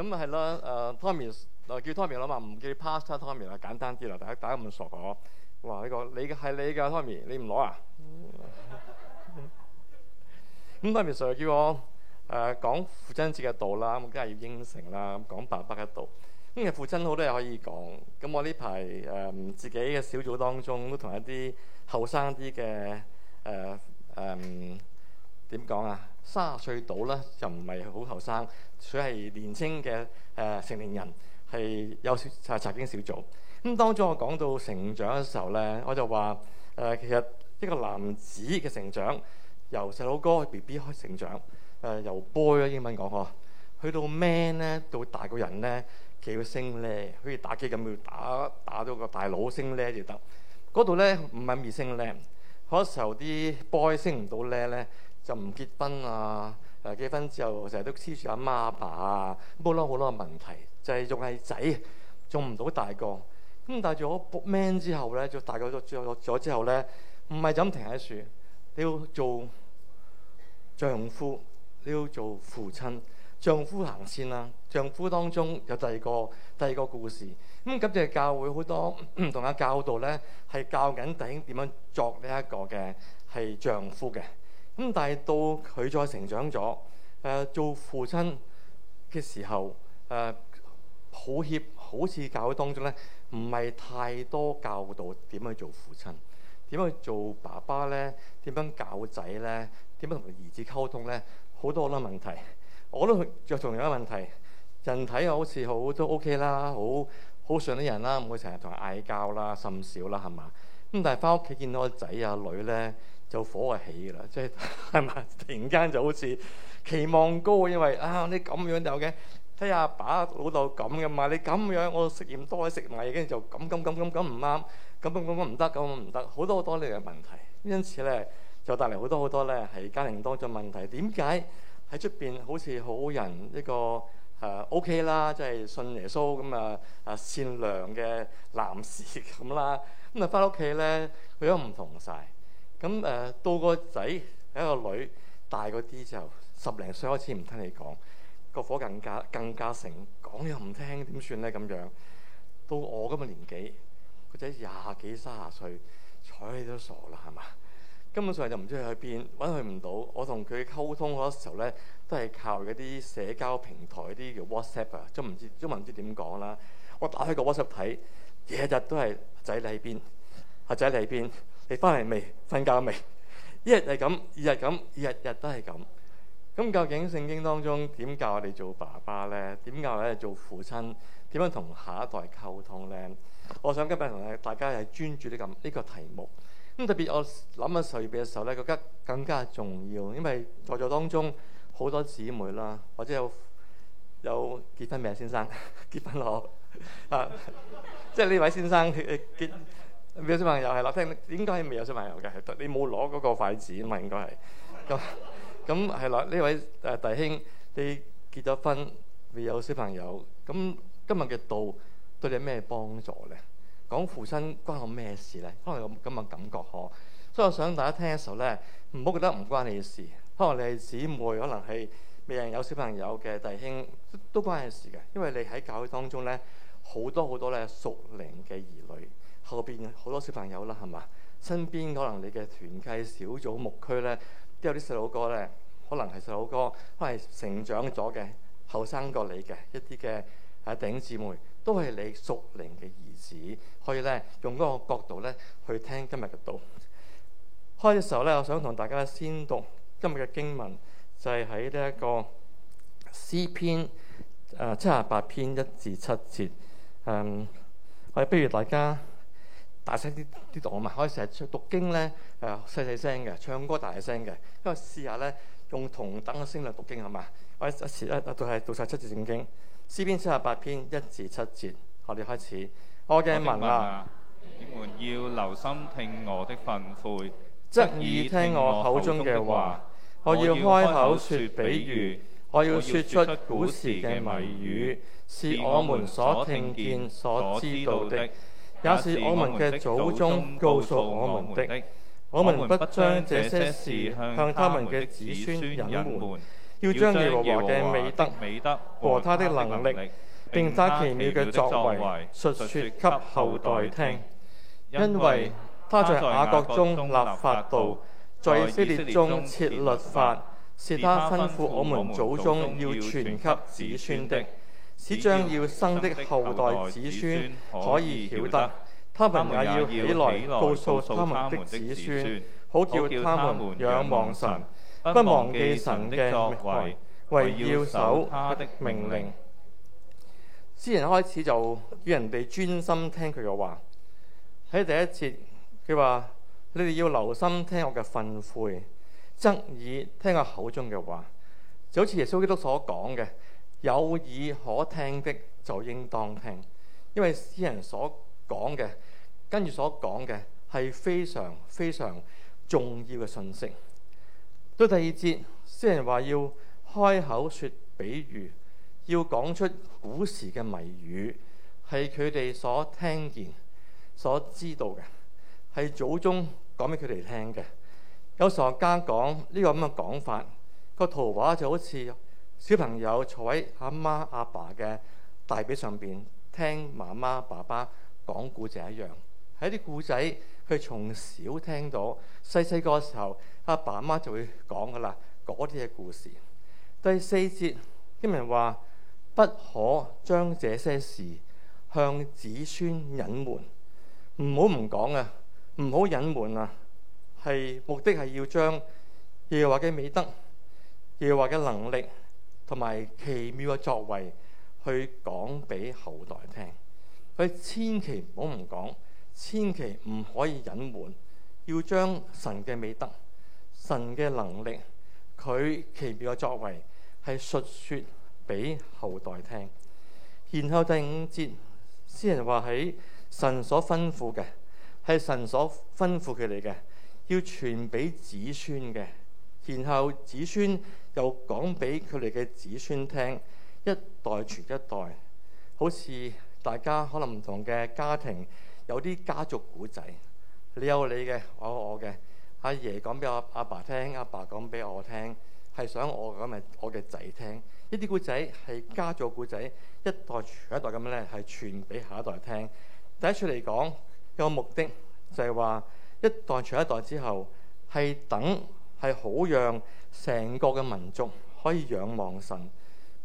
咁咪係咯？Tommy 就、啊、叫 Tommy 啦嘛，唔叫 Pastor Tommy 啦，簡單啲啦。大家大家咁傻嗬、啊？哇！呢、這個你係 你嘅 Tommy，你唔攞啊？咁、 嗯、Tommy Sir 叫我誒、呃、講父親節嘅道啦，咁梗係要應承啦。講爸爸嘅道，咁、嗯、嘅父親好多嘢可以講。咁我呢排誒自己嘅小組當中，都同一啲後生啲嘅誒誒點講、呃呃呃、啊？卅歲到咧就唔係好後生，佢係年青嘅誒成年人，係有誒查經小組。咁當中我講到成長嘅時候咧，我就話誒、呃、其實一個男子嘅成長，由細佬哥 B B 開始成長誒、呃，由 boy 咧英文講呵，去到 man 咧到大個人咧，佢要升咧，好似打機咁要打打到個大佬升咧就得。嗰度咧唔係未升咧，嗰時候啲 boy 升唔到咧咧。就唔結婚啊！誒、啊、結婚之後成日都黐住阿媽阿爸，爸啊，冇諗好多問題就係、是、做係仔做唔到大個咁、嗯。但係做咗 man 之後咧，做大個咗之後咧，唔係就咁停喺樹，你要做丈夫，你要做父親。丈夫行先啦、啊。丈夫當中有第二個第二個故事咁，感、嗯、謝教會好多同嘅 教導咧係教緊弟兄點樣作呢一個嘅係丈夫嘅。咁但係到佢再成長咗，誒、呃、做父親嘅時候，誒、呃、抱歉，好似教會當中咧，唔係太多教導點樣做父親，點樣做爸爸咧，點樣教仔咧，點樣同佢兒子溝通咧，好多啦問題。我都着重有一問題，人體又好似好都 OK 啦，好好順啲人啦，唔會成日同人嗌交啦，甚少啦，係嘛？咁但係返屋企見到個仔啊女咧。火就火啊起㗎啦，即係係嘛？ 突然間就好似期望高，因為啊，你咁樣就嘅睇阿爸老豆咁嘅嘛，你咁樣我食鹽多，食埋嘢跟住就咁咁咁咁咁唔啱，咁咁咁咁唔得，咁唔得，好多好多呢樣問題，因此咧就帶嚟好多好多咧係家庭當中問題。點解喺出邊好似好人一個誒 O K 啦，即係信耶穌咁啊啊善良嘅男士咁啦，咁啊翻屋企咧，佢都唔同晒。咁誒、呃、到個仔一個女大嗰啲就十零歲開始唔聽你講，個火更加更加盛，講又唔聽，點算咧？咁樣到我咁嘅年紀，個仔廿幾卅歲，睬你都傻啦，係嘛？根本上就唔知佢去邊，揾佢唔到。我同佢溝通嗰時候咧，都係靠嗰啲社交平台啲嘅 WhatsApp 啊，都唔知都唔知點講啦。我打開個 WhatsApp 睇，日日都係仔喺邊，阿仔喺邊。你翻嚟未？瞓覺未？一日係咁，二日咁，日日都係咁。咁究竟聖經當中點教我哋做爸爸咧？點教咧做父親？點樣同下一代溝通咧？我想今日同大家係專注呢個呢個題目。咁特別我諗緊十二月嘅時候咧，覺得更加重要，因為在座當中好多姊妹啦，或者有有結婚未，先生，結婚囉、啊、 即係呢位先生結。未有小朋友係啦，聽應該係未有小朋友嘅，你冇攞嗰個筷子啊嘛，應該係。咁咁係啦，呢位誒弟兄，你結咗婚，未有小朋友。咁今日嘅道對你有咩幫助咧？講父親關我咩事咧？可能有咁嘅感覺呵。所以我想大家聽嘅時候咧，唔好覺得唔關你事。可能你係姊妹，可能係未有小朋友嘅弟兄，都關你事嘅，因為你喺教會當中咧，好多好多咧屬靈嘅兒女。後邊好多小朋友啦，係嘛？身邊可能你嘅團契小組牧區呢，都有啲細佬哥呢。可能係細佬哥，可能係成長咗嘅後生過你嘅一啲嘅啊頂姊妹，都係你熟齡嘅兒子，可以呢，用嗰個角度呢去聽今日嘅道。開嘅時候呢。我想同大家先讀今日嘅經文，就係喺呢一個詩篇七十八篇一至七節。嗯，我不如大家。大聲啲啲讀啊嘛、pues okay.，可以成日讀經咧，誒細細聲嘅，唱歌大聲嘅，因為試下咧用同等嘅聲量讀經係嘛？我一次一讀係讀晒七字正經》，詩篇七十八篇一至七節，我哋開始。我的民哪，你們要留心聽我的訓誨，側耳聽我口中嘅話。我要開口説比喻，我要説出古時嘅謎語，是我們所聽見、所知道的。也是我們嘅祖宗告訴我的，我們的，我們不將這些事向他們嘅子孫隱瞞，要將耶和華嘅美德和他的能力，並他奇妙嘅作為述説給後代聽，因為他在雅各中立法度，在以色列中設律法，是他吩咐我們祖宗要傳給子孫的。使將要生的後代子孫可以曉得，他們也要起來告訴他們的子孫，子孫好叫他們仰望神，不忘記神的作為，惟要守他的命令。之前開始就要人哋專心聽佢嘅話。喺第一節，佢話：你哋要留心聽我嘅訓誨、側耳聽我口中嘅話，就好似耶穌基督所講嘅。有耳可聽的就應當聽，因為詩人所講嘅跟住所講嘅係非常非常重要嘅信息。到第二節，詩人話要開口説比喻，要講出古時嘅謎語，係佢哋所聽見、所知道嘅，係祖宗講俾佢哋聽嘅。有神學家講呢個咁嘅講法，個圖畫就好似。小朋友坐喺阿媽阿爸嘅大髀上邊，聽媽媽爸爸講故仔一樣。喺啲故仔，佢從小聽到細細個時候，阿爸阿媽就會講㗎喇嗰啲嘅故事。第四節經文話：不可將這些事向子孫隱瞞，唔好唔講啊，唔好隱瞞啊。係目的係要將耶華嘅美德、耶華嘅能力。同埋奇妙嘅作為，去講俾後代聽。佢千祈唔好唔講，千祈唔可以隱瞞，要將神嘅美德、神嘅能力、佢奇妙嘅作為係述説俾後代聽。然後第五節，詩人話喺神所吩咐嘅係神所吩咐佢哋嘅，要傳俾子孫嘅。然後子孫。又講俾佢哋嘅子孫聽，一代傳一代，好似大家可能唔同嘅家庭有啲家族古仔，你有你嘅，我有我嘅。阿爺講俾阿阿爸聽，阿爸講俾我聽，係想我咁嘅我嘅仔聽。呢啲古仔係家族古仔，一代傳一代咁樣咧，係傳俾下一代聽。第一處嚟講，有個目的就係話一代傳一代之後，係等係好讓。成個嘅民族可以仰望神，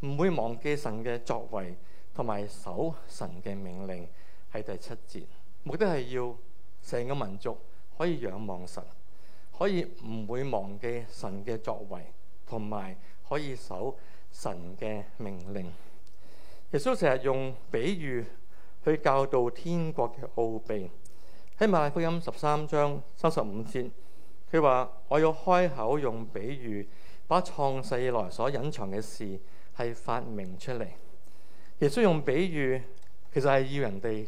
唔會忘記神嘅作為，同埋守神嘅命令，係第七節。目的係要成個民族可以仰望神，可以唔會忘記神嘅作為，同埋可以守神嘅命令。耶穌成日用比喻去教導天國嘅奧秘。喺馬太福音十三章三十五節。佢話：我要開口用比喻，把創世以來所隱藏嘅事係發明出嚟。耶穌用比喻，其實係要人哋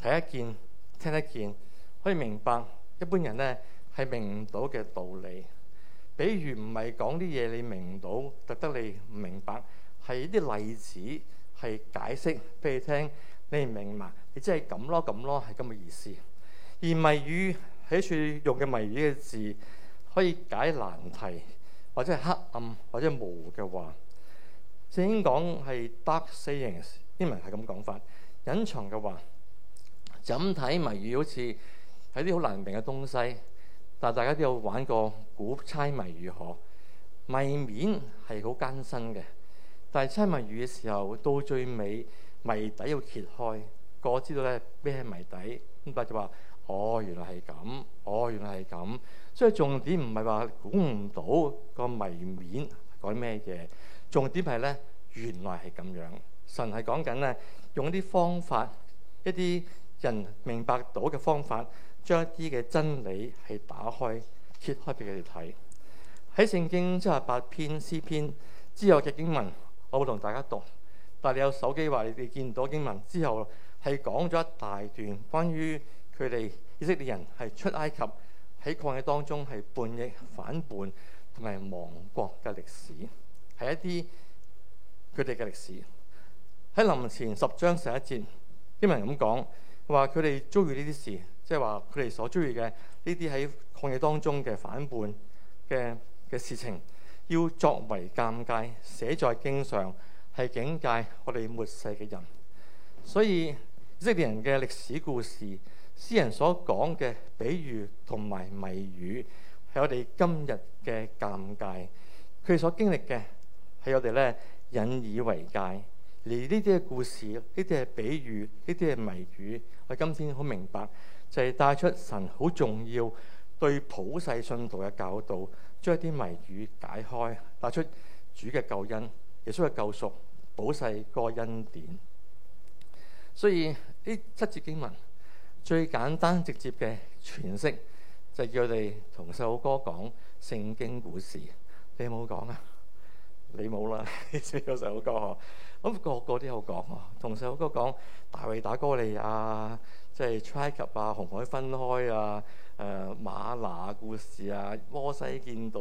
睇得見、聽得見，可以明白一般人咧係明唔到嘅道理。比喻唔係講啲嘢你明唔到，特登，登你唔明白，係啲例子係解釋俾你聽。你唔明白，你即係咁咯咁咯，係咁嘅意思，而唔係與。喺處用嘅謎語嘅字可以解難題，或者係黑暗或者模糊嘅話。正經講係 dark sayings，英文係咁講法，隱藏嘅話。怎睇謎語好似係啲好難明嘅東西，但係大家都有玩過估猜，猜，猜謎語，可謎面係好艱辛嘅。但係猜謎語嘅時候到最尾謎底要揭開，個知道咧咩係謎底咁，白就話。哦，原來係咁。哦，原來係咁。所以重點唔係話估唔到個謎面講咩嘢，重點係呢？原來係咁樣。神係講緊呢，用一啲方法，一啲人明白到嘅方法，將一啲嘅真理係打開揭開俾佢哋睇。喺聖經七十八篇詩篇之後嘅經文，我會同大家讀。但係你有手機話你哋見到經文之後係講咗一大段關於。佢哋以色列人係出埃及喺抗議當中係叛逆、反叛同埋亡國嘅歷史，係一啲佢哋嘅歷史。喺林前十章十一節經文咁講話，佢哋遭遇呢啲事，即係話佢哋所遭遇嘅呢啲喺抗議當中嘅反叛嘅嘅事情，要作為鑑戒寫在經上，係警戒我哋末世嘅人。所以以色列人嘅歷史故事。詩人所講嘅比喻同埋謎語，係我哋今日嘅尷尬。佢所經歷嘅係我哋咧引以為戒，而呢啲嘅故事、呢啲嘅比喻、呢啲嘅謎語，我哋今天好明白，就係、是、帶出神好重要對普世信徒嘅教導，將一啲謎語解開，帶出主嘅救恩、耶穌嘅救贖、普世個恩典。所以呢七節經文。最簡單直接嘅傳釋，就係、叫我哋同細佬哥講聖經故事。你有冇講啊？你冇啦， 你唱嗰首歌嗬。咁、那個個都有講啊。同細佬哥講大衛打哥利亞，啊，即係埃及啊，紅海分開啊，誒、呃、嗎哪故事啊，摩西見到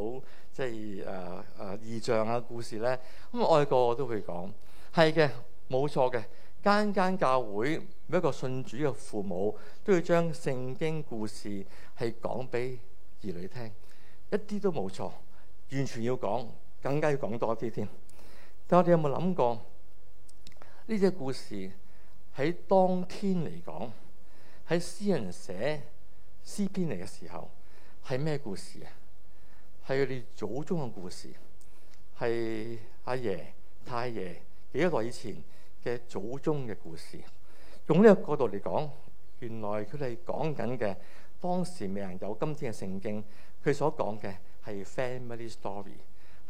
即係誒誒異象啊故事咧。咁外國我都會講，係嘅，冇錯嘅。間間教會每一個信主嘅父母都要將聖經故事係講俾兒女聽，一啲都冇錯，完全要講，更加要講多啲添。但我哋有冇諗過呢隻故事喺當天嚟講，喺詩人寫詩篇嚟嘅時候係咩故事啊？係佢哋祖宗嘅故事，係阿爺、太爺幾多代以前。嘅祖宗嘅故事，用呢個角度嚟講，原來佢哋講緊嘅當時未有今天嘅聖經，佢所講嘅係 family story，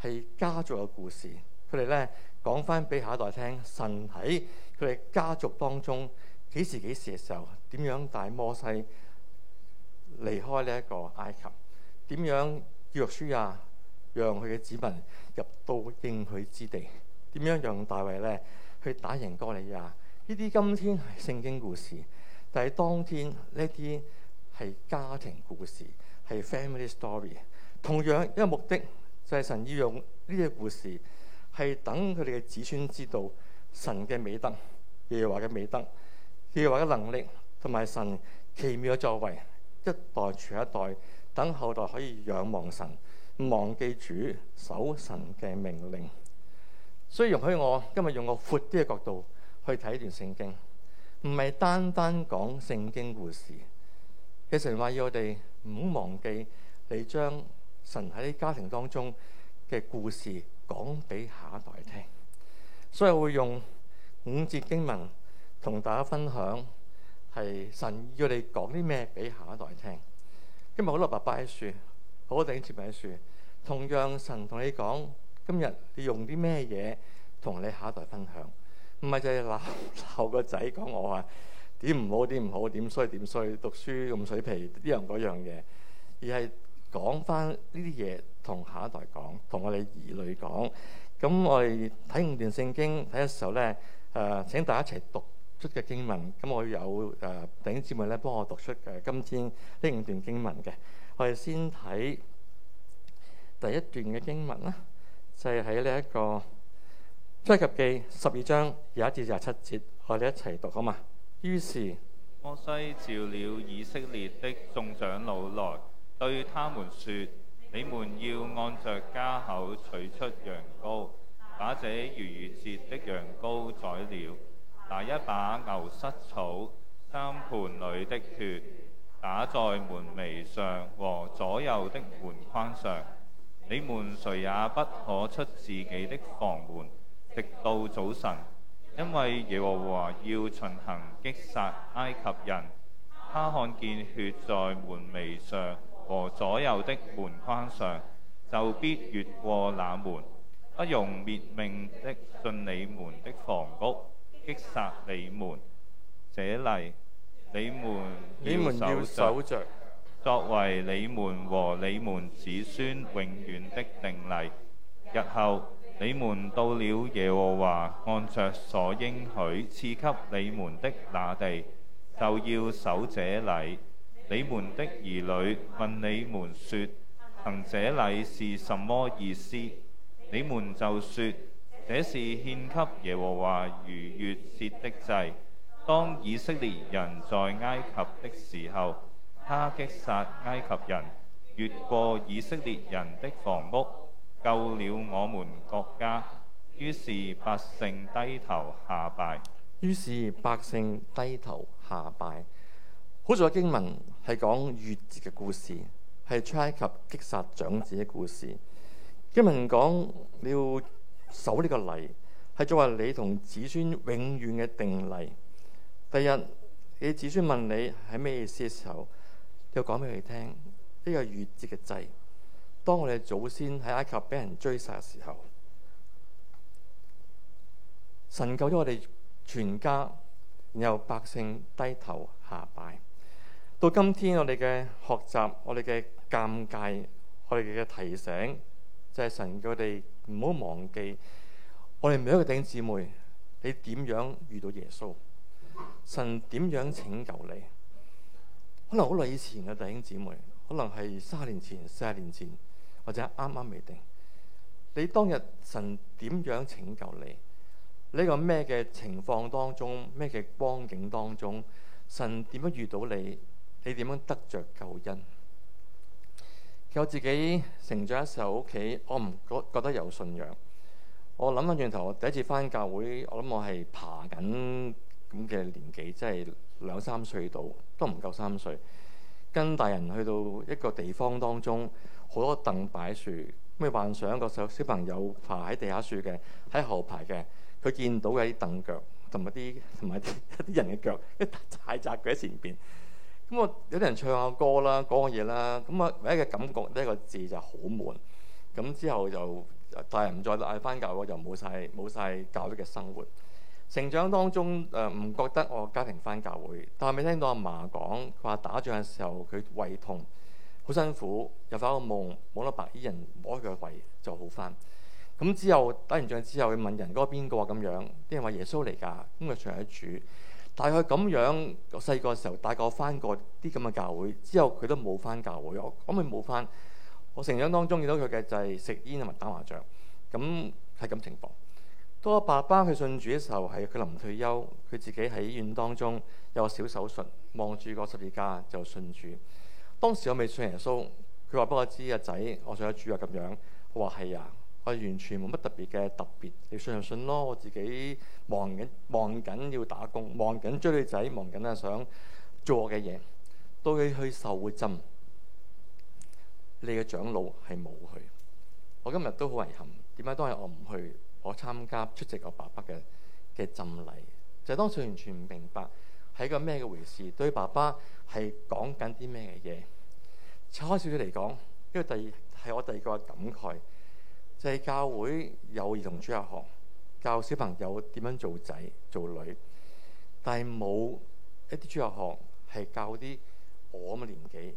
係家族嘅故事。佢哋咧講返俾下一代聽，神喺佢哋家族當中幾時幾時嘅時候，點樣帶摩西離開呢一個埃及，點樣叫約書亞讓佢嘅子民入到應許之地，點樣讓大衛咧，去打贏歌利亞，呢啲今天係聖經故事，但係當天呢啲係家庭故事，係 family story。同樣，一個目的就係、是、神要用呢啲故事，係等佢哋嘅子孫知道神嘅美德，耶和華嘅美德，耶和華嘅能力，同埋神奇妙嘅作為，一代傳一代，等後代可以仰望神，唔忘記主，守神嘅命令。所以容許我今日用個闊啲嘅角度去睇一段聖經，唔係單單講聖經故事。其實神話要我哋唔好忘記，你將神喺家庭當中嘅故事講俾下一代聽。所以我會用五節經文同大家分享，係神要你講啲咩俾下一代聽。今日好多爸爸喺樹，好多弟兄姊妹喺樹，同樣神同你講。今日你用啲咩嘢同你下一代分享？唔係就係鬧鬧個仔，講我話點唔好，點唔好，點衰點衰，讀書咁水皮呢樣嗰樣嘢，而係講返呢啲嘢同下一代講，同我哋兒女講。咁我哋睇五段聖經睇嘅時候咧，誒、呃、請大家一齊讀出嘅經文。咁我有誒丁姊妹咧幫我讀出誒今天呢五段經文嘅。我哋先睇第一段嘅經文啦。就係喺呢一個出埃及記十二章廿一至廿七節，我哋一齊讀好嘛？於是摩西召了以色列的眾長老來，對他們說：你們要按着家口取出羊羔，把這逾越節的羊羔宰了，拿一把牛膝草，將盤裏的血打在門楣上和左右的門框上。你們誰也不可出自己的房門，直到早晨，因為耶和華要巡行擊殺埃及人。他看見血在門楣上和左右的門框上，就必越過那門，不容滅命的進你們的房屋，擊殺你們。這例你們你們要守著，作為你們和你們子孫永遠的定例，日後你們到了耶和華按著所應許賜給你們的那地，就要守這禮。你們的兒女問你們說：行這禮是什麼意思？你們就說：這是獻給耶和華逾越節的祭。當以色列人在埃及的時候。他擊殺埃及人，越過以色列人的房屋，救了我們國家。於是百姓低頭下拜。於是百姓低頭下拜。好在經文係講越節嘅故事，係埃及擊殺長子嘅故事。經文講你要守呢個例，係作為你同子孫永遠嘅定例。第日你子孫問你係咩意思嘅時候，又講俾佢哋聽呢個逾越節嘅祭，當我哋祖先喺埃及俾人追殺嘅時候，神救咗我哋全家，然後百姓低頭下拜。到今天我哋嘅學習，我哋嘅尷尬，我哋嘅提醒，就係、是、神叫我哋唔好忘記，我哋每一個弟兄姊妹，你點樣遇到耶穌？神點樣拯救你？可能好耐以前嘅弟兄姊妹，可能係三十年前、四十年前，或者啱啱未定。你當日神點樣拯救你？呢個咩嘅情況當中，咩嘅光景當中，神點樣遇到你？你點樣得着救恩？其實我自己成長嘅時候，屋企我唔覺覺得有信仰。我諗返轉頭，我第一次返教會，我諗我係爬緊。咁嘅年紀，即係兩三歲到，都唔夠三歲，跟大人去到一個地方當中，好多凳擺住，咁咪幻想一個小小朋友爬喺地下樹嘅，喺後排嘅，佢見到嘅啲凳腳，同埋啲同埋一啲人嘅腳，一大紮佢喺前邊。咁我有啲人唱下歌啦，講下嘢啦，咁、嗯、啊唯一嘅感覺呢、一個字就好悶。咁、嗯、之後就大人唔再嗌翻教，我就冇晒冇曬教育嘅生活。成長當中，誒、呃、唔覺得我家庭翻教會，但係未聽到阿嫲講，佢話打仗嘅時候佢胃痛，好辛苦，入翻個夢，摸到白衣人摸佢個胃就好翻。咁之後打完仗之後，佢問人嗰個邊個啊咁樣，啲人話耶穌嚟㗎，咁就長主。大概咁樣細個嘅時候過，大概翻過啲咁嘅教會，之後佢都冇翻教會，我根本冇翻。我成長當中見到佢嘅就係食煙同埋打麻將，咁係咁情況。當我爸爸去信主嘅時候，係佢臨退休，佢自己喺醫院當中有個小手術，望住個十字架就信主。當時我未信耶穌，佢話俾我知阿仔，我想去主啊，咁樣。我話係啊，我完全冇乜特別嘅特別，你信就信咯。我自己忙緊忙緊要打工，忙緊追女仔，忙緊啊想做我嘅嘢。到佢去受浸，你嘅長老係冇去。我今日都好遺憾，點解當日我唔去？我參加出席我爸爸嘅嘅浸禮，就係、當時完全唔明白係個咩嘅回事，對爸爸係講緊啲咩嘅嘢。拆開少少嚟講，因為第二係我第二個嘅感慨，就係、係、教會有兒童主日學，教小朋友點樣做仔做女，但係冇一啲主日學係教啲我嘅年紀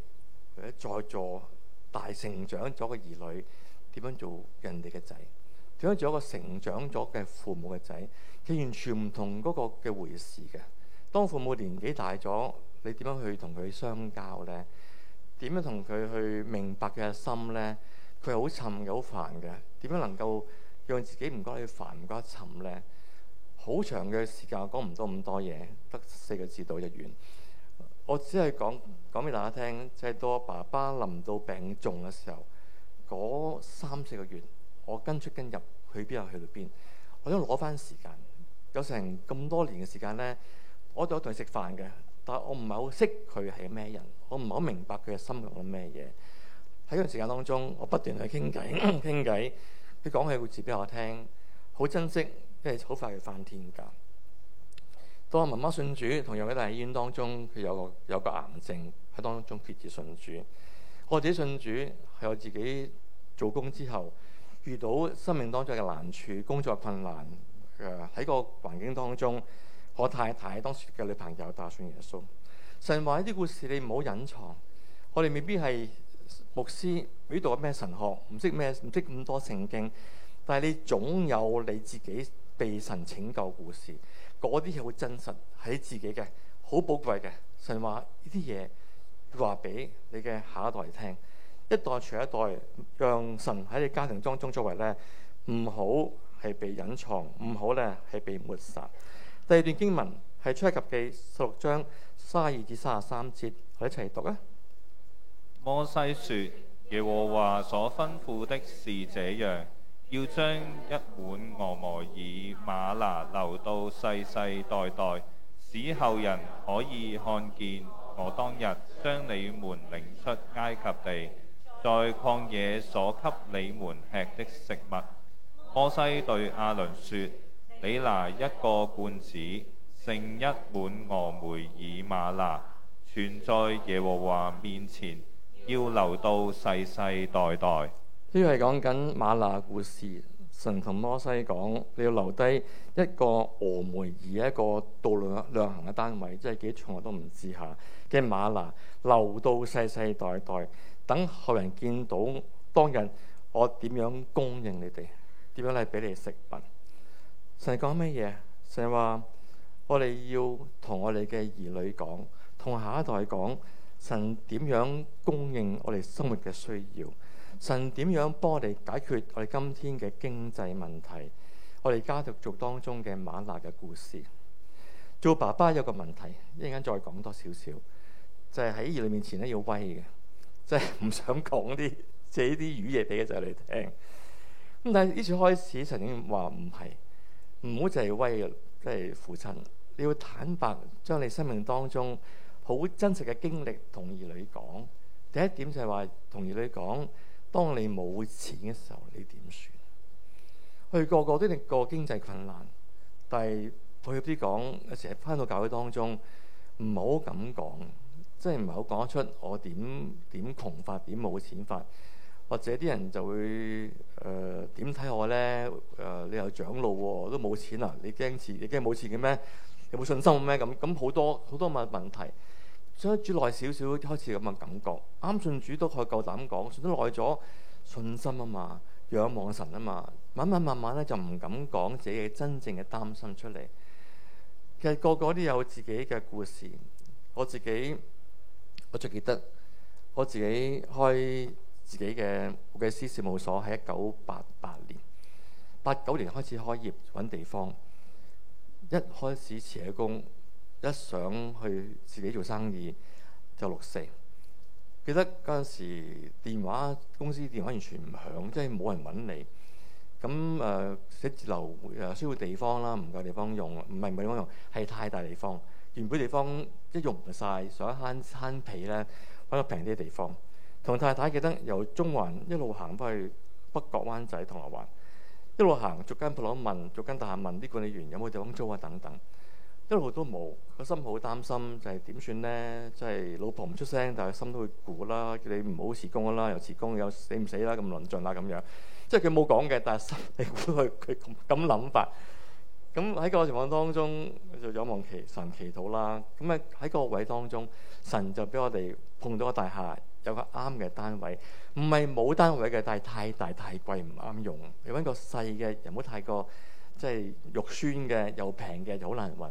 或者在座大成長咗嘅兒女點樣做人哋嘅仔。咁樣做一個成長咗嘅父母嘅仔，佢完全唔同嗰個嘅回事嘅。當父母年紀大咗，你點樣去同佢相交呢？點樣同佢去明白佢嘅心呢？佢係好沉嘅，好煩嘅。點樣能夠讓自己唔覺得煩，唔覺得沉呢？好長嘅時間，我講唔到咁多嘢，得四個字到一完。我只係講講俾大家聽，即係到我爸爸臨到病重嘅時候，嗰三四個月。我跟出跟入，去邊又去到邊。我想攞翻時間，有成咁多年嘅時間咧，我都有同佢食飯嘅，但係我唔係好識佢係咩人，我唔係好明白佢嘅心用緊心入諗緊咩嘢。喺嗰段時間當中，我不斷去傾偈傾偈，佢講起故事俾我聽，好珍惜，因為好快要翻天架。當我媽媽信主，同樣喺大醫院當中，佢有個有個癌症喺當中決志信主。我自己信主係我自己做工之後。遇到生命當中嘅難處、工作困難，誒、呃、喺個環境當中，我太太當時嘅女朋友帶信耶穌。神話呢啲故事你唔好隱藏，我哋未必係牧師，唔知道咩神學，唔識咩，唔識咁多聖經，但係你總有你自己被神拯救故事，嗰啲嘢會真實喺自己嘅，好寶貴嘅。神話呢啲嘢話俾你嘅下一代聽。一代除一代，讓神喺你家庭當中作為呢，唔好係被隱藏，唔好呢係被抹殺。第二段經文係出埃及記十六章三二至三十三節，我哋一齊嚟讀啊。摩西説：耶和華所吩咐的是這樣，要將一碗俄摩爾嗎哪留到世世代代，代，使後人可以看見我當日將你們領出埃及地。在曠野所給你們吃的食物，摩西對亞倫說：你拿一個罐子盛一碗俄梅爾馬拿，存在耶和華面前，要留到世世代代。呢個係講緊馬拿故事。神同摩西講，你要留低一個俄梅爾，一個度量衡嘅單位，即係幾長我都唔知下嘅馬拿，留到世世代代，代。等後人見到當日我點樣供應你哋，點樣嚟俾你食物。神講咩嘢？神話我哋要同我哋嘅兒女講，同下一代講，神點樣供應我哋生活嘅需要，神點樣幫我哋解決我哋今天嘅經濟問題，我哋家族族當中嘅馬納嘅故事。做爸爸有個問題，一陣間再講多少少，就係喺兒女面前咧要威嘅。即係唔想講啲借啲語嘢俾佢仔女聽。咁但係呢次開始，曾經話唔係，唔好就係威即係、就是、父親。你要坦白將你生命當中好真實嘅經歷同兒女講。第一點就係話同兒女講，當你冇錢嘅時候，你點算？去個個都令個經濟困難，但係配合啲講成日返到教會當中，唔好咁講。即係唔係好講得出我點點窮法，點冇錢法，或者啲人就會誒點睇我呢？誒、呃，你又長老喎、哦，都冇錢啊！你驚錢？你驚冇錢嘅咩？你有冇信心咩？咁咁好多好多問問題。想主耐少少，開始咁嘅感覺。啱信主都可以夠膽講，信都耐咗信心啊嘛，仰望神啊嘛，慢慢慢慢咧就唔敢講自己真正嘅擔心出嚟。其實個個都有自己嘅故事，我自己。我最記得我自己開自己嘅會計師事務所喺一九八八年八九年開始開業揾地方，一開始辭咗工，一想去自己做生意就六四。記得嗰陣時電話公司電話完全唔響，即係冇人揾你。咁誒寫字樓需要地方啦，唔夠地方用，唔係唔夠地方用，係太大地方。原本地方一用唔晒，想慳慳皮咧，揾個平啲嘅地方。同太太記得由中環一路行翻去北角、灣仔、銅鑼灣，一路行逐間鋪落問，逐間大廈問啲管理員有冇地方租啊，等等。一路都冇，個心好擔心，就係點算呢？即係老婆唔出聲，但係心都會估啦。叫你唔好辭工啦，又辭工又死唔死啦，咁論盡啊咁樣。即係佢冇講嘅，但係心你估佢，佢咁咁諗法。咁喺個情況當中，就有望祈神祈禱啦。咁啊喺個位當中，神就俾我哋碰到個大廈，有個啱嘅單位，唔係冇單位嘅，但係太大太貴唔啱用，要揾個細嘅，又唔好太過即係、就是、肉酸嘅，又平嘅又好難揾，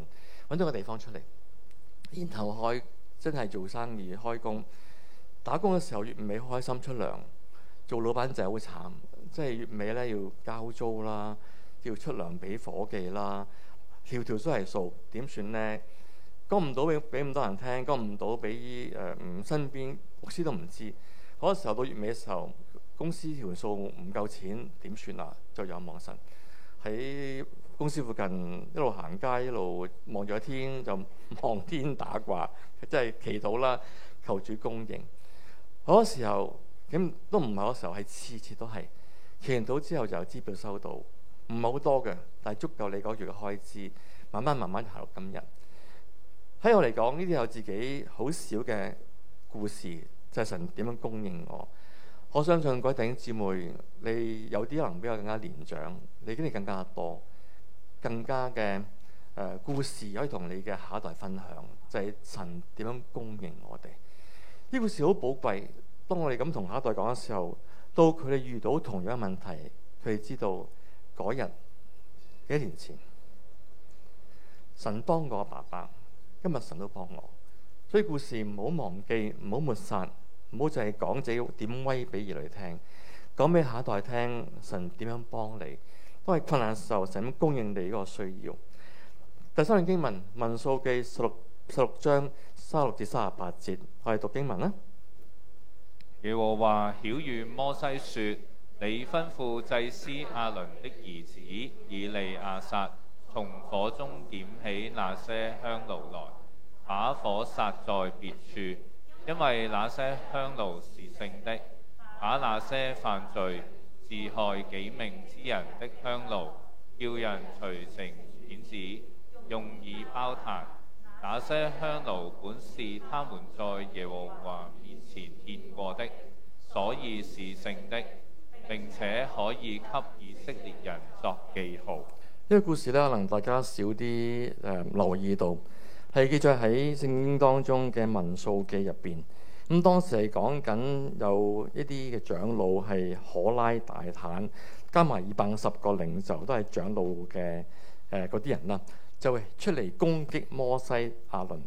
揾到個地方出嚟，然後開真係做生意開工，打工嘅時候，月尾開心出糧，做老闆就係好慘，即係月尾呢要交租啦。要出糧俾伙計啦，條條都係數，點算呢？講唔到俾咁多人聽，講唔到俾誒、呃，身邊公司都唔知。好多時候到月尾嘅時候，公司條數唔夠錢，點算啊？就仰望神，喺公司附近一路行街，一路望住天就望天打卦，即係祈禱啦，求主供應。好多時候咁，都唔係好多時候，係次次都係祈禱之後就有支票收到。唔係好多嘅，但係足夠你嗰月嘅開支，慢慢慢慢行到今日。喺我嚟講，呢啲有自己好少嘅故事，就係神點樣供應我。我相信各位弟兄姊妹，你有啲可能比我更加年長，你經歷更加多，更加嘅誒故事，可以同你嘅下一代分享，就係神點樣供應我哋。呢故事好寶貴。當我哋咁同下一代講嘅時候，到佢哋遇到同樣嘅問題，佢哋知道。嗰日幾年前，神幫過我爸爸。今日神都幫我，所以故事唔好忘記，唔好抹殺，唔好淨係講自己點威俾兒女聽，講俾下一代聽。神點樣幫你？都係困難時候，神供應你嗰個需要？第三段經文《民數記 16, 16》十六十六章三十六至三十八節，我哋讀經文啦。耶和華曉喻摩西說。你吩咐祭司亞倫的兒子以利亞撒，從火中點起那些香爐來，把火撒在別處，因為那些香爐是聖的。把那些犯罪、自害己命之人的香爐，叫人錘成片子，用以包壇。那些香爐本是他們在耶和華面前獻過的，所以是聖的。並且可以給以色列人作記號。呢個故事呢，可能大家少啲誒、呃、留意到，係記載喺聖經當中嘅民數記入邊。咁、嗯、當時係講緊有一啲嘅長老係可拉大坦，加埋二百五十個領袖都係長老嘅誒嗰啲人啦，就會出嚟攻擊摩西亞倫，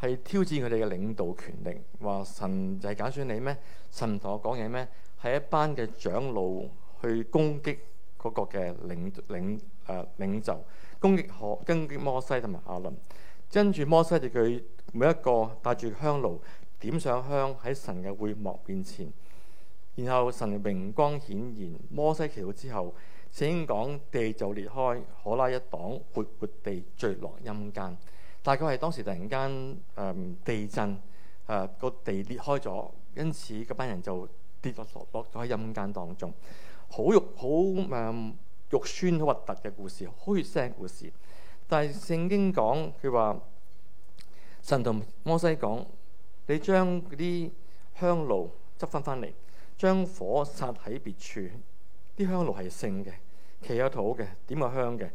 係挑戰佢哋嘅領導權力，話神就係揀選你咩？神同我講嘢咩？係一班嘅長老去攻擊嗰個嘅領領誒、呃、領袖，攻擊可跟擊摩西同埋亞倫。跟住摩西就佢每一個帶住香爐點上香喺神嘅會幕面前，然後神榮光顯然，摩西祈禱之後，先講，地就裂開，可拉一黨活活地墜落陰間。大概係當時突然間誒、嗯、地震誒個、呃、地裂開咗，因此嗰班人就。跌落傻落咗喺陰間當中，好肉好誒、嗯、肉酸好核突嘅故事，好血腥故事。但係聖經講佢話神同摩西講：你將啲香爐執翻翻嚟，將火撒喺別處。啲香爐係聖嘅，企有土嘅，點個香嘅。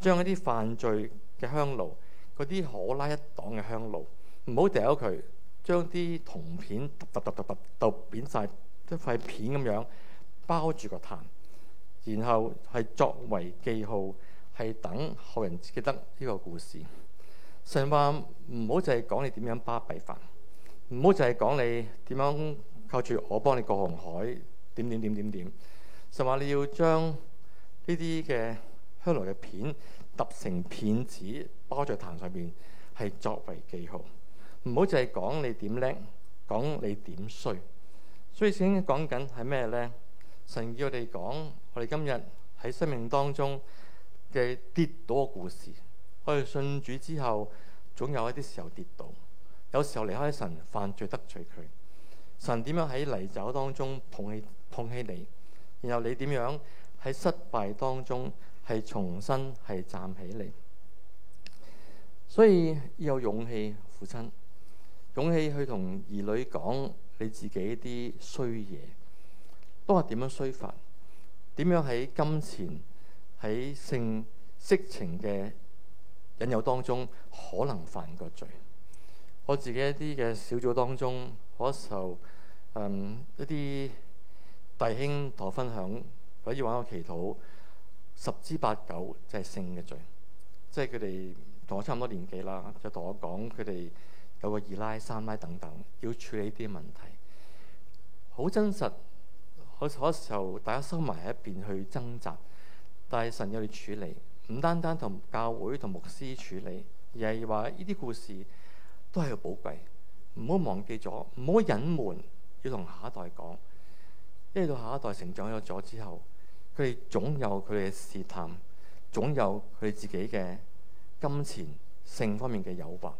將一啲犯罪嘅香爐，嗰啲可拉一黨嘅香爐，唔好掉佢。將啲銅片揼揼揼揼揼揼扁曬。一塊片咁樣包住個壇，然後係作為記號，係等後人記得呢個故事。神話唔好淨係講你點樣巴閉法，唔好淨係講你點樣靠住我幫你過紅海，點點點點點。神話你要將呢啲嘅香爐嘅片疊成片紙，包在壇上面，係作為記號。唔好淨係講你點叻，講你點衰。所以先講緊係咩呢？神叫我哋講，我哋今日喺生命當中嘅跌倒故事。我哋信主之後，總有一啲時候跌倒，有時候離開神犯罪得罪佢。神點樣喺泥沼當中捧起捧起你，然後你點樣喺失敗當中係重新係站起嚟？所以要有勇氣，父親，勇氣去同兒女講。你自己啲衰嘢，都係點樣衰法，點樣喺金錢、喺性、色情嘅引誘當中可能犯個罪？我自己一啲嘅小組當中，我受嗯一啲弟兄同我分享，可以揾我玩祈禱，十之八九即係性嘅罪。即係佢哋同我差唔多年紀啦，就同我講佢哋。有個二奶、三奶等等，要處理啲問題，好真實。好時候，大家收埋喺一邊去掙扎，但係神要嚟處理，唔單單同教會同牧師處理，而係話呢啲故事都係個寶貴，唔好忘記咗，唔好隱瞞，要同下一代講，因為到下一代成長咗之後，佢哋總有佢哋嘅試探，總有佢自己嘅金錢性方面嘅誘惑。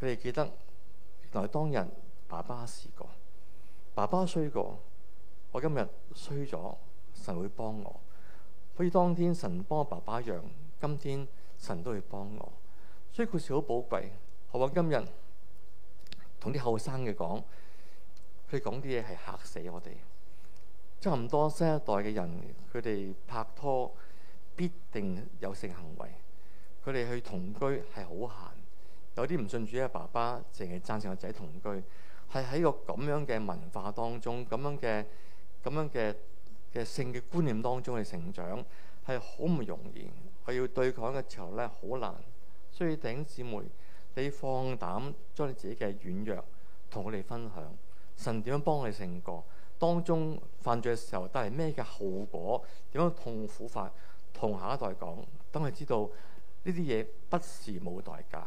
佢哋記得，原來當日爸爸試過，爸爸衰過，我今日衰咗，神會幫我。好似當天神幫我爸爸一樣，今天神都會幫我。所以故事好寶貴。何況今日同啲後生嘅講，佢講啲嘢係嚇死我哋。差唔多新一代嘅人，佢哋拍拖必定有性行為，佢哋去同居係好閒。有啲唔信主嘅爸爸，淨係贊成個仔同居，係喺個咁樣嘅文化當中，咁樣嘅咁樣嘅嘅性嘅觀念當中嚟成長，係好唔容易。佢要對抗嘅時候咧，好難。所以弟兄姊妹，你放膽將你自己嘅軟弱同佢哋分享。神點樣幫你勝過？當中犯罪嘅時候帶嚟咩嘅後果？點樣痛苦法？同下一代講，等佢知道呢啲嘢不是冇代價。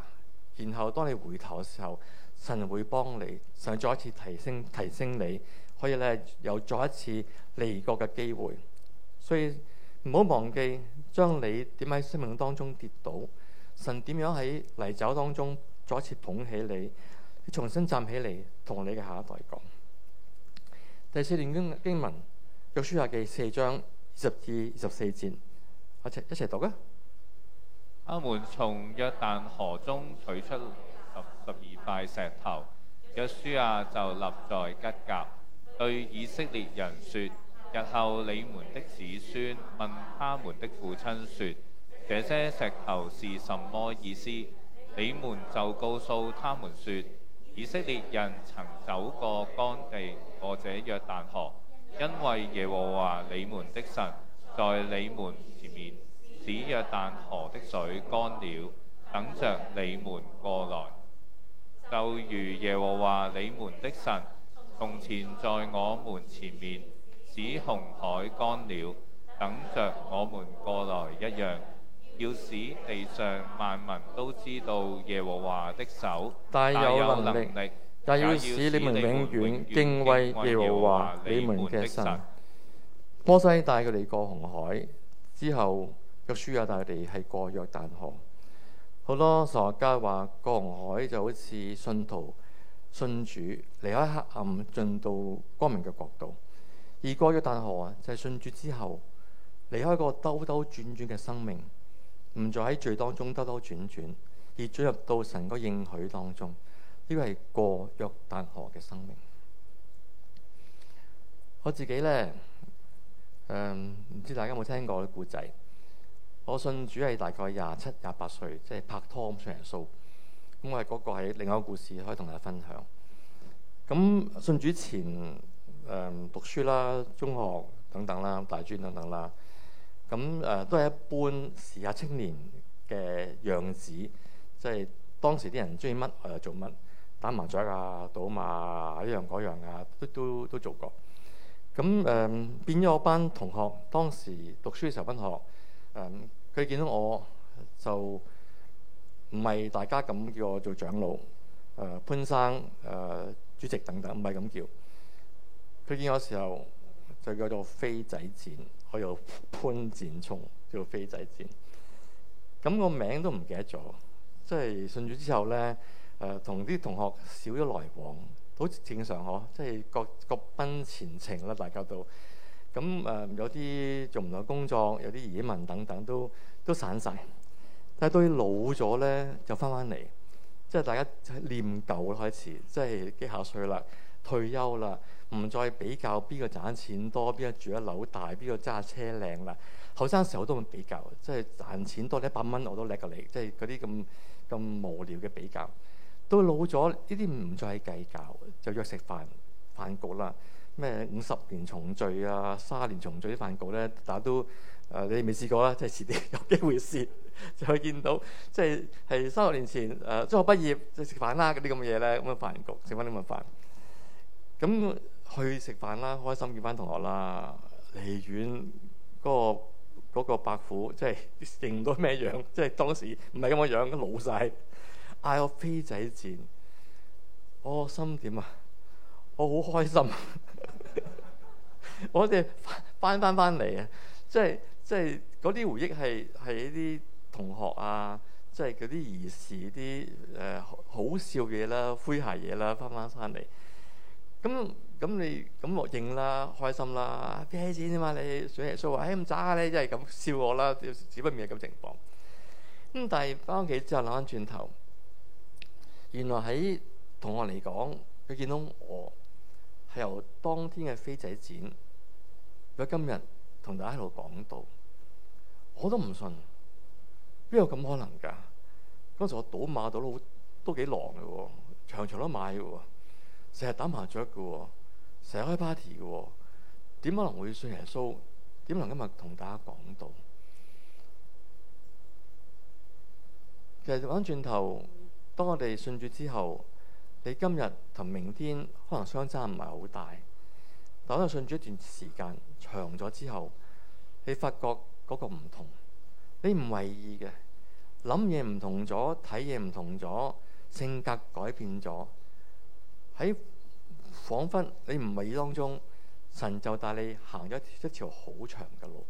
然後當你回頭嘅時候，神會幫你，神再一次提升，提升你，可以咧有再一次離國嘅機會。所以唔好忘記將你點喺生命當中跌倒，神點樣喺泥沼當中再一次捧起你，重新站起嚟，同你嘅下一代講。第四段經經文，約書亞記四章二十至二十四節，一齊一齊讀啊！他們從約旦河中取出十十二塊石頭，約書亞、啊、就立在吉甲，對以色列人說：日後你們的子孫問他們的父親說：這些石頭是什麼意思？你們就告訴他們說：以色列人曾走過乾地，或者約旦河，因為耶和華你們的神在你們前面，使約但河的水乾了，等着你們過來，就如耶和華你們的神，從前在我們前面使紅海乾了，等着我們過來一樣。要使地上萬民都知道耶和華的手大有能力，也要使你們永遠敬畏耶和華你們的神。摩西帶佢哋過紅海之後。約書亞大地係過約旦河，好多神學家話，過紅海就好似信徒信主離開黑暗，進到光明嘅國度；而過約旦河啊，就係信主之後離開個兜兜轉轉嘅生命，唔再喺罪當中兜兜轉轉，而進入到神個應許當中。呢個係過約旦河嘅生命。我自己呢，唔、嗯、知大家有冇聽過啲故仔？我信主係大概廿七廿八歲，即係拍拖咁上人數咁。我係嗰個係另外一個故事，可以同大家分享。咁信主前誒、嗯、讀書啦，中學等等啦，大專等等啦。咁誒、呃、都係一般時下青年嘅樣子，即、就、係、是、當時啲人中意乜又做乜，打麻雀啊、賭馬啊，呢樣嗰樣啊，都都都做過。咁誒、呃、變咗，我班同學當時讀書嘅時候分學。誒，佢、嗯、見到我就唔係大家咁叫我做長老，誒、呃、潘生，誒、呃、主席等等，唔係咁叫。佢見我時候就叫做飛仔戰，我叫潘展衝，叫做飛仔戰。咁、嗯、個名都唔記得咗，即係信主之後咧，誒同啲同學少咗來往，好正常嗬，即係各各奔前程啦，大家都。咁誒、嗯、有啲做唔到工作，有啲移民等等都都散晒。但係到啲老咗咧，就翻返嚟，即係大家念舊開始，即係幾下歲啦，退休啦，唔再比較邊個賺錢多，邊個住一樓大，邊個揸車靚啦。後生時候都會比較，即係賺錢多一百蚊我都叻過你，即係嗰啲咁咁無聊嘅比較。到老咗呢啲唔再計較，就約食飯飯局啦。咩五十年重聚啊，三十年重聚啲飯局咧，大家都誒你未試過啦，即係遲啲有機會試，就可以見到，即係係三十年前誒、呃、中學畢業食飯啦嗰啲咁嘅嘢咧，咁嘅飯局食翻啲咁嘅飯，咁去食飯啦，開心見翻同學啦，離遠嗰、嗰個嗰、嗰個伯父，即係認唔到咩樣，即係當時唔係咁嘅樣,樣，老曬嗌我飛仔剪，我心點啊？我、哦、好開心， 我哋翻翻翻嚟啊！即係即係嗰啲回憶係係啲同學啊，即係嗰啲兒時啲誒好笑嘅嘢啦、詼諧嘢啦，翻翻翻嚟。咁咁你咁落認啦，開心啦，咩先啫嘛？你水嚟衰話，哎咁渣、啊、你，真係咁笑我啦，只不過係咁情況。咁、嗯、但係翻屋企之後諗翻轉頭，原來喺同學嚟講，佢見到我。係由當天嘅飛仔展，到今日同大家喺度講道，我都唔信，邊有咁可能㗎？嗰時我賭馬賭得好，都幾狼嘅喎、哦，場場都買嘅喎、哦，成日打麻雀嘅喎，成日開 party 嘅喎，點可能會信耶穌？點能今日同大家講道？其實就翻轉頭，當我哋信住之後。你今日同明天可能相差唔係好大，但我信住一段時間長咗之後，你發覺嗰個唔同，你唔為意嘅，諗嘢唔同咗，睇嘢唔同咗，性格改變咗，喺彷彿你唔為意當中，神就帶你行咗一條好長嘅路。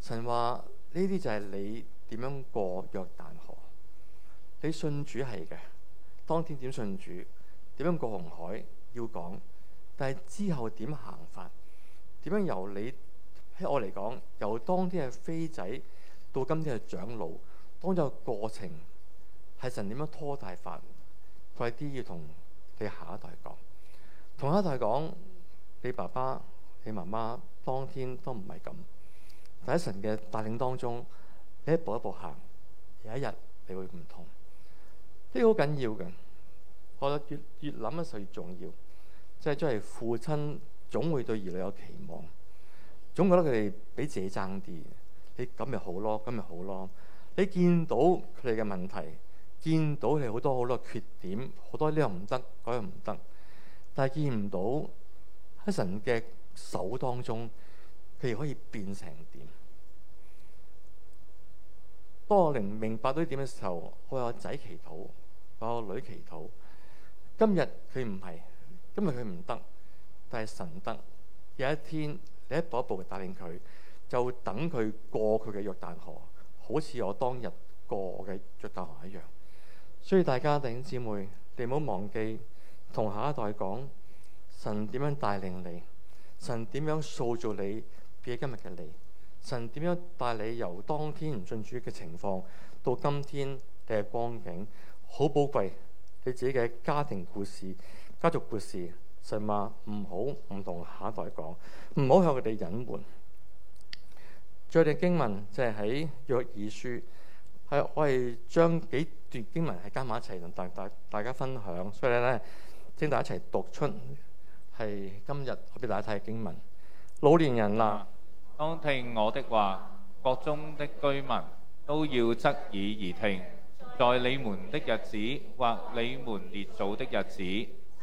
神話呢啲就係你點樣過約旦河？你信主係嘅。當天點信主，點樣過紅海要講，但係之後點行法，點樣由你喺我嚟講，由當天嘅飛仔到今天嘅長老，當咗個過程係神點樣拖大法，快啲要同你下一代講，同下一代講你爸爸你媽媽當天都唔係咁，但係神嘅帶領當中，你一步一步行，有一日你會唔同。呢個好緊要嘅，我覺得越越諗一時越重要。即係作為父親總會對兒女有期望，總覺得佢哋比自己爭啲。你咁咪好咯，咁咪好咯。你見到佢哋嘅問題，見到佢哋好多好多缺點，好多呢樣唔得，嗰樣唔得，但係見唔到喺神嘅手當中，佢哋可以變成啲。當我明明白到呢點嘅時候，我有仔祈禱，我有女祈禱。今日佢唔係，今日佢唔得，但係神得。有一天，你一步一步帶領佢，就等佢過佢嘅約旦河，好似我當日過我嘅約旦河一樣。所以大家弟兄姊妹，你唔好忘記同下一代講，神點樣帶領你，神點樣塑造你，俾今日嘅你。神點樣帶你由當天唔信主嘅情況到今天嘅光景，好寶貴。你自己嘅家庭故事、家族故事，神話唔好唔同下一代講，唔好向佢哋隱瞞。最啲經文即係喺約珥書，係我係將幾段經文係加埋一齊同大大大家分享，所以咧請大家一齊讀出係今日我畀大家睇嘅經文。老年人啦、啊。當聽我的話，國中的居民都要側耳而聽。在你們的日子或你們列祖的日子，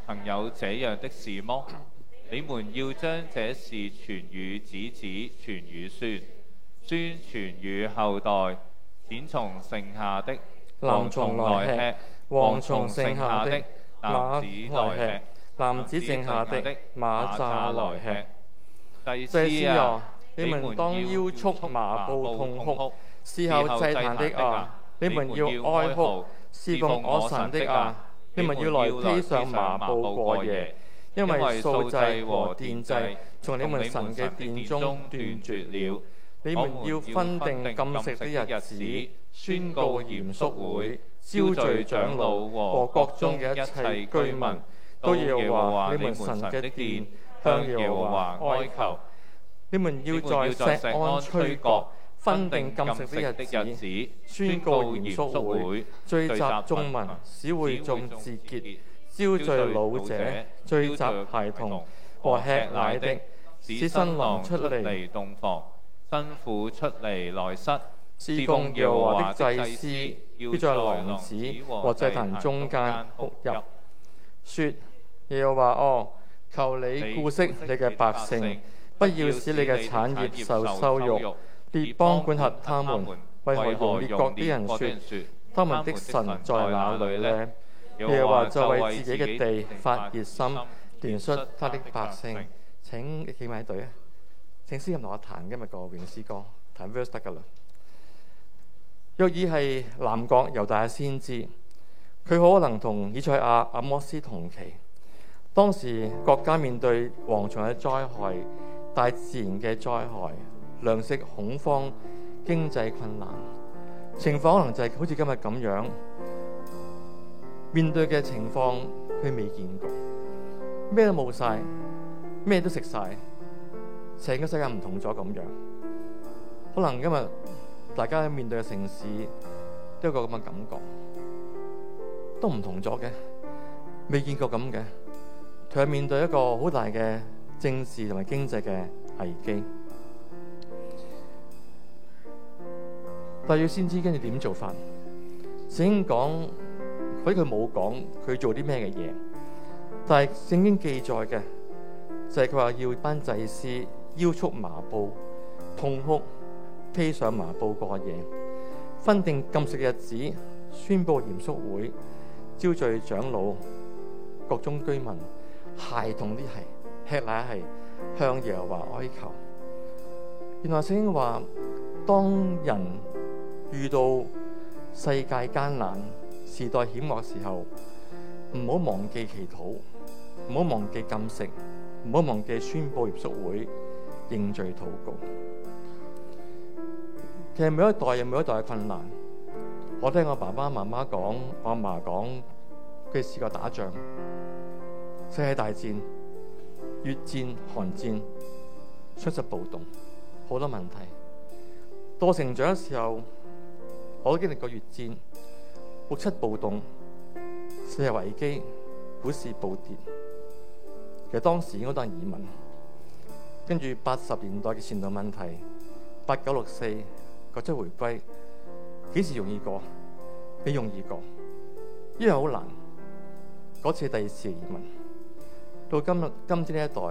曾有這樣的事麼？你們要將這事傳與子子，傳與孫，孫傳與後代，剪蟲剩下的蝗蟲來吃，蝗蟲剩下的蝻子來吃，蝻子剩下的螞蚱來吃。第四你們當腰束麻布痛哭，事後祭壇的啊，你們要哀哭，侍奉我神的啊，你們要來披上麻布過夜，因為數祭和奠祭從你們神嘅殿中斷絕了。你們要分定禁食的日子，宣告嚴肅會，招聚長老和國中嘅一切居民，都要話你們神嘅殿向耶和華哀求。你們要在錫安吹角，分定禁食的日子，宣告嚴肅會，聚集眾民，使會眾自潔，招聚老者，聚集孩童、孩童和吃奶的，使新郎出嚟洞房，新婦出嚟內室，事奉耶和華的祭司，要在廊子和祭壇中間哭泣入，說：耶和華啊，求你顧惜你嘅百姓。不要使你嘅產業受，受羞辱，列邦管轄他們。為何同列國啲人說「他們的神在哪裏呢？」佢哋話就為自己嘅地發熱心，憐恤他的百姓。請起位喺隊啊？請師任同我彈今日個詠詩歌，彈《First》得噶啦。約珥係南國猶大嘅先知，佢可能同以賽亞、阿摩斯同期。當時國家面對蝗蟲嘅災害。大自然嘅災害、糧食恐慌、經濟困難，情況可能就係好似今日咁樣面對嘅情況，佢未見過，咩都冇晒，咩都食晒，成個世界唔同咗咁樣。可能今日大家面對嘅城市都有個咁嘅感覺，都唔同咗嘅，未見過咁嘅，佢係面對一個好大嘅。政治同埋經濟嘅危機，但要先知跟住點做法。聖經講，所以佢冇講佢做啲咩嘅嘢，但係聖經記載嘅就係佢話要班祭司腰束麻布，痛哭披上麻布過夜，分定禁食嘅日子，宣佈嚴肅會，招聚長老、各種居民、孩童啲係。吃奶係向耶和華哀求。原來聖經話，當人遇到世界艱難、時代險惡時候，唔好忘記祈禱，唔好忘記禁食，唔好忘記宣佈耶穌會認罪禱告。其實每一代有每一代嘅困難。我聽我爸爸媽媽講，我阿嫲講，佢試過打仗，世界大戰。越戰、韓戰、出世暴動，好多問題。到成長嘅時候，我都經歷過越戰、六七暴動、四日危機、股市暴跌。其實當時應該都係移民。跟住八十年代嘅前途問題，八九六四、九七回歸，幾時容易過？幾容易過，一樣好難。嗰次係第二次移民。到今日，今天呢一代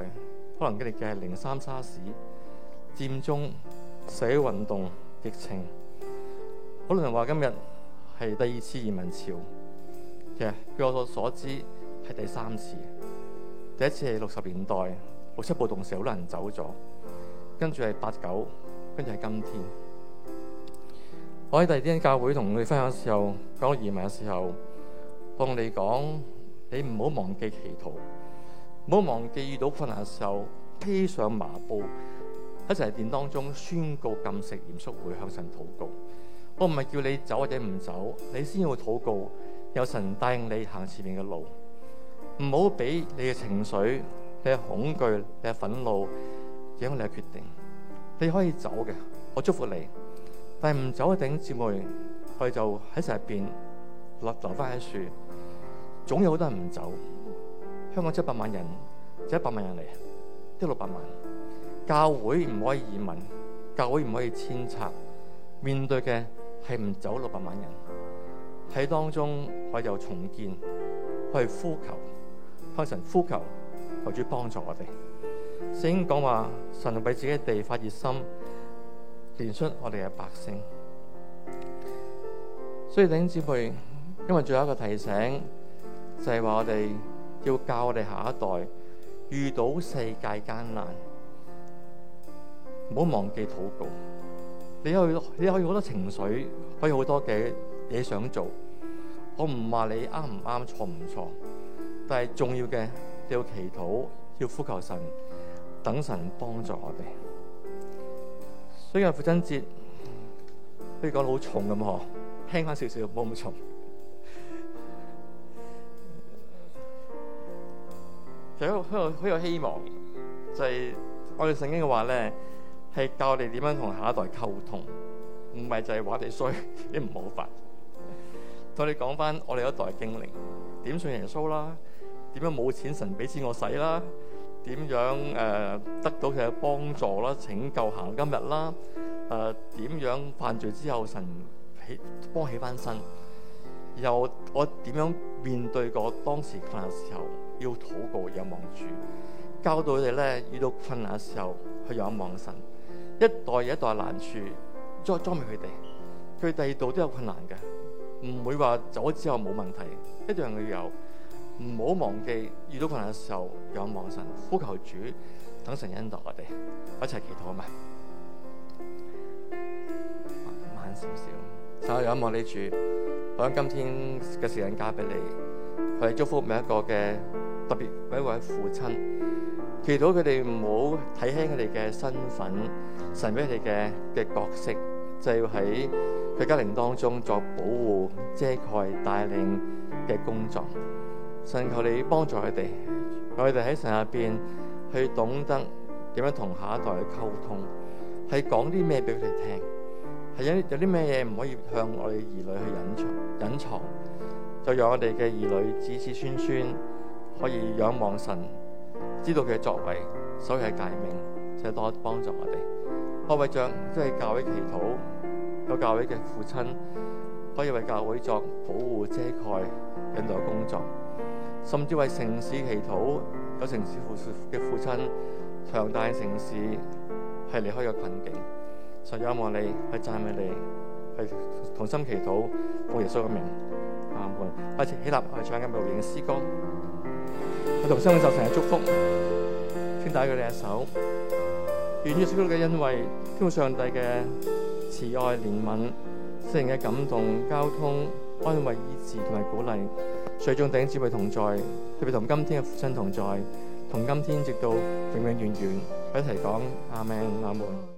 可能經歷嘅係零三沙士、佔中、社會運動、疫情。好多人話今日係第二次移民潮，其實據我所所知係第三次。第一次係六十年代六七暴動時，好多人走咗，跟住係八九，跟住係今天。我喺第二天教會同你分享嘅時候，講移民嘅時候，同你講你唔好忘記祈禱。唔好忘記，遇到困難嘅時候披上麻布，喺神殿當中宣告禁食嚴肅會，向神禱告。我唔係叫你走或者唔走，你先要禱告，有神帶領你行前面嘅路。唔好俾你嘅情緒、你嘅恐懼、你嘅憤怒影響你嘅決定。你可以走嘅，我祝福你。但係唔走嘅弟兄姊妹，佢就喺神入邊留留翻喺樹。總有好多人唔走。香港七百萬人，就一百萬人嚟，都六百萬。教會唔可以移民，教會唔可以遷拆。面對嘅係唔走六百萬人，喺當中可以有重建，可以呼求，向神呼求，求主幫助我哋。聖經講話，神為自己嘅地發熱心，憐恤我哋嘅百姓。所以弟兄姊妹，今日最後一個提醒就係話我哋。要教我哋下一代遇到世界艱難，唔好忘記禱告。你可以，你可以好多情緒，可以好多嘅嘢想做。我唔話你啱唔啱，錯唔錯，但係重要嘅你要祈禱，要呼求神，等神幫助我哋。所以父親節，不如講得好重咁嗬，輕翻少少，唔好咁重。其實好有好有希望，就係、是、我哋聖經嘅話咧，係教我哋點樣同下一代溝通，唔係就係話你衰你唔好法。同你講翻，我哋一代經歷點信耶穌啦，點樣冇錢神俾錢我使啦，點樣誒、呃、得到佢嘅幫助啦，拯救行今日啦，誒、呃、點樣犯罪之後神起幫起翻身，又我點樣面對過當時犯嘅時候。要禱告仰望主，教導佢哋咧遇到困難嘅時候去仰望神，一代有一代難處，再裝備佢哋，佢第二度都有困難嘅，唔會話走咗之後冇問題，一樣要有，唔好忘記遇到困難嘅時候仰望神，呼求主，等神引導我哋，我一齊祈禱啊嘛。慢，慢少少，稍後仰望你主，我喺今天嘅時間交俾你，我哋祝福每一個嘅。特別每一位父親，祈禱佢哋唔好睇輕佢哋嘅身份，神俾佢哋嘅嘅角色，就要喺佢家庭當中作保護、遮蓋、帶領嘅工作。神求你幫助佢哋，我哋喺神入邊去懂得點樣同下一代去溝通，係講啲咩俾佢哋聽，係有有啲咩嘢唔可以向我哋兒女去隱藏隱藏，就讓我哋嘅兒女子子孫孫。可以仰望神，知道佢嘅作為，所以係解命，即、就是、多幫助我哋。各位著都係教會祈禱，有教會嘅父親可以為教會作保護遮蓋引導工作，甚至為城市祈禱。有城市父嘅父親，強大城市係離開嘅困境。神仰望你，係讚美你，係同心祈禱，奉耶穌嘅名。阿、啊、門。開始、啊、起立去、啊、唱嘅無形詩歌。我同生命就成日祝福，牽打佢哋嘅手，願意接受嘅恩惠，經過上帝嘅慈愛憐憫、聖靈嘅感動、交通、安慰以、支持同埋鼓勵，水終頂只佢同在，特別同今天嘅父親同在，同今天直到永永遠遠一齊講阿們阿們。